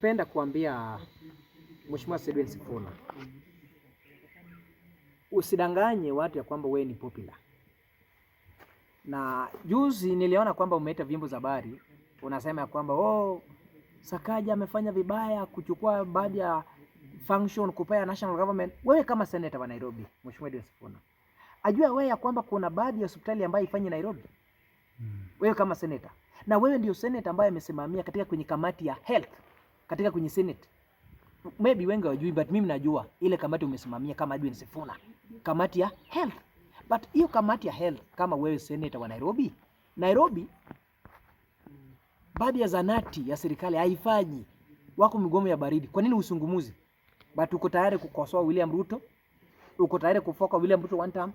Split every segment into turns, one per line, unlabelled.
Penda kuambia Mheshimiwa Edwin Sifuna, usidanganye watu ya kwamba wewe ni popular. Na juzi niliona kwamba umeita vyombo za habari unasema ya kwamba oh, Sakaja amefanya vibaya kuchukua baadhi ya function kupea national government. Wewe kama senator wa Nairobi, Mheshimiwa Edwin Sifuna, ajua wewe ya kwamba kuna baadhi ya hospitali ambayo ifanye Nairobi hmm. Wewe kama senator na wewe ndio senator ambaye amesimamia katika kwenye kamati ya health katika kwenye Senate. Maybe wengi hawajui but mimi najua ile kamati umesimamia kama Edwin Sifuna, kamati ya health. But hiyo kamati ya health kama wewe senator wa Nairobi, Nairobi baadhi ya zanati ya serikali haifanyi, wako migomo ya baridi. Kwa nini usungumuzi? But uko tayari kukosoa William Ruto, uko tayari kufoka William Ruto one time.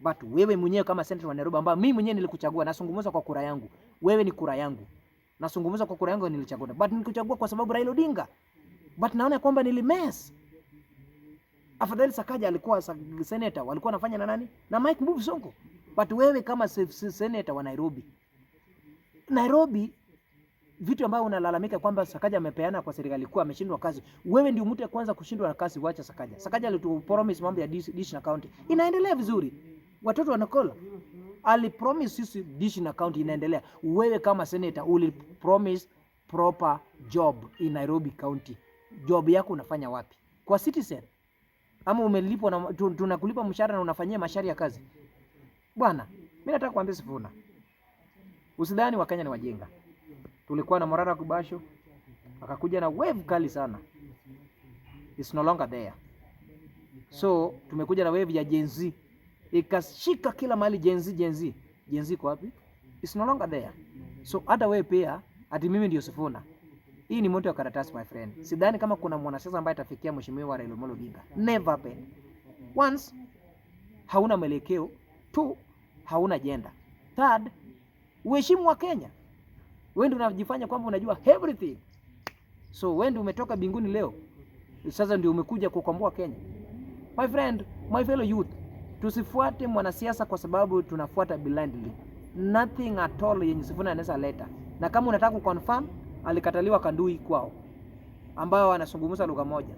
but wewe mwenyewe kama senator wa Nairobi, ambaye mimi mwenyewe nilikuchagua, nasungumuza kwa kura yangu, wewe ni kura yangu. Nazungumza kwa kura yangu nilichagua, but nikuchagua kwa sababu Raila Odinga, but naona kwamba nilimess. Afadhali Sakaja alikuwa senator, walikuwa wanafanya na nani na Mike Mbuvi Sonko, but wewe kama senator wa Nairobi, Nairobi vitu ambavyo unalalamika kwamba Sakaja amepeana kwa serikali kuu, ameshindwa kazi. Wewe ndio mtu wa kwanza kushindwa na kazi, wacha Sakaja. Sakaja alitupromise mambo ya dish na county, inaendelea vizuri, watoto wanakola alipromise sisi dish na county inaendelea. Wewe kama senator ulipromise proper job in Nairobi County, job yako unafanya wapi kwa citizen? Ama umelipwa na tunakulipa mshahara na unafanyia mashari ya kazi? Bwana, mimi nataka kuambia Sifuna, usidhani Wakenya ni wajinga. Tulikuwa na Morara Kubasho akakuja na wave kali sana, it's no longer there. So tumekuja na wave ya Gen Z ikashika kila mahali jenzi jenzi jenzi. Kwa wapi? It's no longer there, so hata wewe pia ati mimi ndio Sifuna. Hii ni moto ya karatasi my friend. Sidhani kama kuna mwanasiasa ambaye atafikia mheshimiwa wa Raila Amolo Odinga. Never happen. Once hauna mwelekeo, two hauna jenda, third uheshimu wa Kenya. Wewe ndio unajifanya kwamba unajua everything, so wewe ndio umetoka binguni leo, sasa ndio umekuja kukomboa Kenya. My friend, my fellow youth Tusifuate mwanasiasa kwa sababu tunafuata blindly nothing at all yenye Sifuna anaweza leta. Na kama unataka kuconfirm, alikataliwa Kandui kwao, ambao wanazungumza lugha moja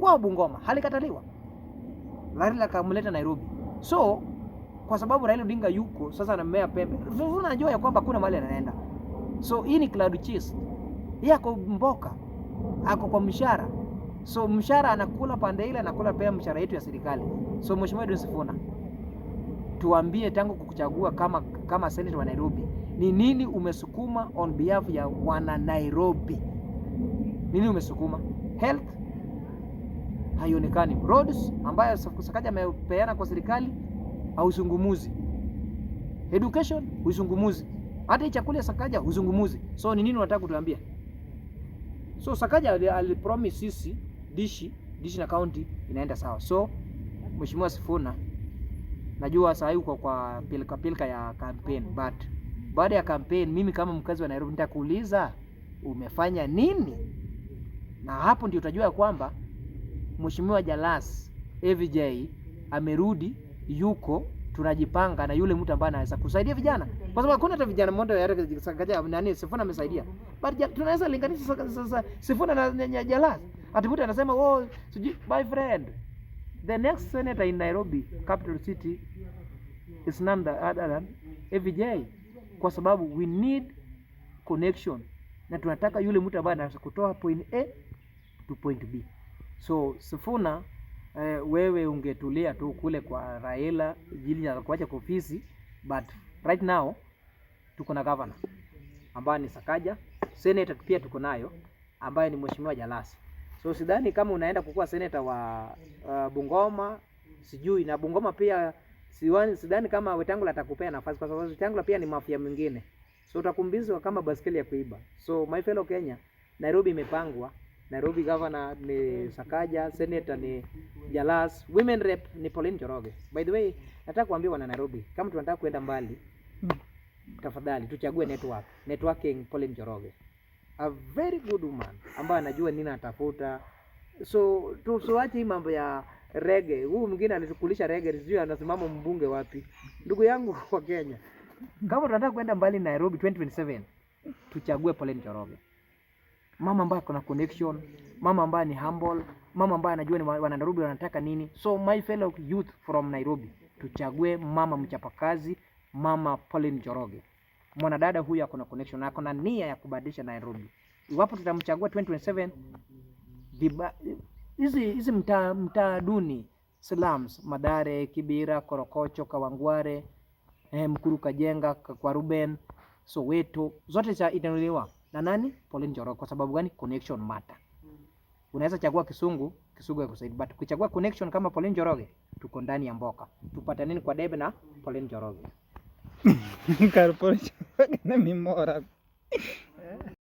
kwao Bungoma, alikataliwa Raila akamleta Nairobi. So kwa sababu Raila Odinga yuko sasa anamea pembe, unajua ya kwamba kuna mahali anaenda. So hii ni cloud chase, yeye ako mboka, ako kwa mshahara So mshara anakula pande ile, anakula pia mshara yetu ya serikali. So mheshimiwa Edwin Sifuna, tuambie tangu kukuchagua kama kama senator wa Nairobi, ni nini umesukuma on behalf ya wana Nairobi? Nini umesukuma? Health haionekani, roads ambayo Sakaja amepeana kwa serikali hauzungumuzi, education huzungumuzi, hata chakula ya Sakaja huzungumuzi. So ni nini unataka kutuambia? So Sakaja alipromise sisi dishi dishi na kaunti inaenda sawa. So Mheshimiwa Sifuna, najua saa hii uko kwa pilika pilika ya campaign, but baada ya campaign, mimi kama mkazi wa Nairobi nitakuuliza umefanya nini, na hapo ndio utajua kwamba Mheshimiwa Jalas AVJ amerudi, yuko tunajipanga na yule mtu ambaye anaweza kusaidia vijana, kwa sababu hakuna hata vijana mmoja ya nani Sifuna amesaidia, but tunaweza linganisha sasa Sifuna na Jalas. Atibuti anasema oh, sijui friend The next senator in Nairobi capital city is none other than AVJ, kwa sababu we need connection, na tunataka yule mtu ambaye anaweza kutoa point A to point B. So Sifuna, eh, wewe ungetulia tu kule kwa Raila jili ya kuacha kwa ofisi, but right now tuko na governor ambaye ni Sakaja, senator pia tuko nayo ambaye ni mheshimiwa Jalasi. So sidhani kama unaenda kukua seneta wa uh, Bungoma sijui na Bungoma pia siwani, sidhani kama Wetangula atakupea nafasi kwa sababu Wetangula pia ni mafia mwingine, so utakumbizwa kama baskeli ya kuiba. So my fellow Kenya, Nairobi imepangwa. Nairobi governor ni Sakaja, senator ni Jalas, women rep ni Pauline Njoroge. By the way, nataka kuambia wana Nairobi kama tunataka kwenda mbali, hmm. tafadhali tuchague network networking Pauline Njoroge a very good woman ambaye anajua nini atafuta. So tusiwache hii mambo ya rege. Huyu mwingine alitukulisha rege, sijui anasimama mbunge wapi, ndugu yangu kwa Kenya. Kama tunataka kwenda mbali Nairobi 2027 tuchague Pauline Njoroge, mama ambaye kuna connection, mama ambaye ni humble, mama ambaye anajua ni wana Nairobi wanataka nini. So my fellow youth from Nairobi, tuchague mama mchapakazi, mama Pauline Njoroge mwanadada huyu ako na connection na ako na nia ya kubadilisha Nairobi. Iwapo tutamchagua 2027 viba hizi hizi mta, mta duni slums, Madare, Kibira, Korokocho, Kawangware, eh, Mkuru, Kajenga, kwa Ruben, Soweto zote za itanuliwa na nani? Pauline Njoroge. Kwa sababu gani? Connection matter. Unaweza chagua Kisungu, Kisungu yakusaidi, but kuchagua connection kama Pauline Njoroge, tuko ndani ya mboka. Tupata nini kwa debe na Pauline Njoroge? Cara, por onde vai me mora